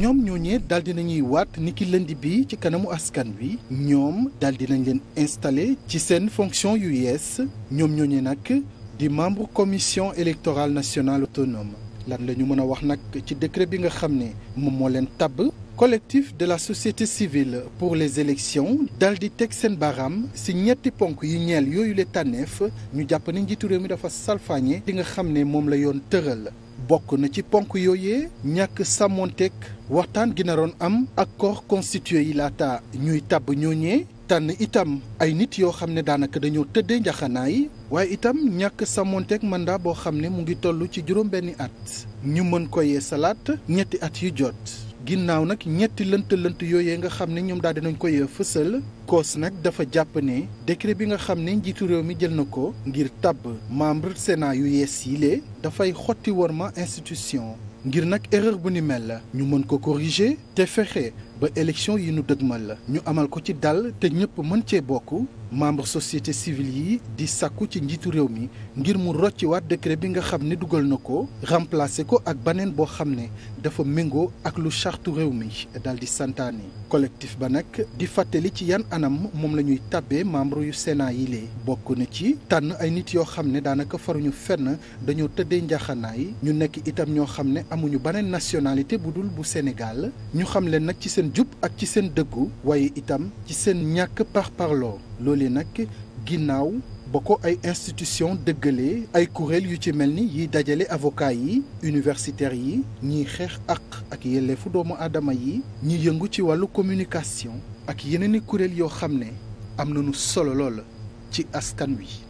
ñoom ñooñee daal di nañuy waat niki lënd bi ci kanamu askan bi ñoom daal di nañ leen installé ci seen fonction yu yees ñoom ñooñee nag di membre commission électorale national autonome lan la ñu mën a wax nag ci décret bi nga xam ne moom moo leen tabb. collectif de la société civile pour les élections dal di teg seen baaraam si ñetti ponk yi ñeel yooyu le tànneef ñu jàpp ne njiitu réew mi dafa salfaañe li nga xam ne moom la yoon tëral bokk na ci ponk yooyee ñàkk sàmmonteeg waxtaan gi naroon am ak kor constitué yi laata ñuy tàbb ñooñee tànn itam ay nit yoo xam ne daanaka dañoo tëddee njaxanaay waaye itam ñàkk sàmmonteeg mandat boo xam ne mu ngi toll ci juróom benni at ñu mën koyee salaat ñetti at jot ginnaaw nag ñetti lënt lënt yooyee nga xam ne ñoom daal dinañ koy fësal koos nag dafa jàpp ne décret bi nga xam ne njiitu réew mi jël na ko ngir tabb membre sénat yu yees yi lee dafay xotti worma institution ngir nag erreur bu ni mel ñu mën ko corriger te fexe ba élection yi ñu ma la ñu amal ko ci dal te ñëpp mën cee bokk membre société civile yi di sàkku ci njiitu réew mi ngir mu rocciwaat décret bi nga xam ne dugal na ko remplacer ko ak baneen boo xam ne dafa méngoo ak lu chartu réew mi daal di santaane collectif ba nag di fàttali ci yan anam moom la ñuy tàbbee membre yu Sénat yi bokk na ci tànn ay nit yoo xam ne daanaka faruñu fenn dañoo tëddee njaxanaay ñu nekk itam ñoo xam ne amuñu baneen nationalité bu dul bu Sénégal seen jub ak ci seen dëggu waaye itam ci seen ñàkk par parloo loolee nag ginnaaw ba ko ay institution dëggalee ay kuréel yu ci mel ni yiy dajale avocat yi universitaires yi ñiy xeex ak ak yelleefu doomu aadama yi ñi yëngu ci wàllu communication ak yeneen i kuréel yoo xam ne am nañu solo lool ci askan wi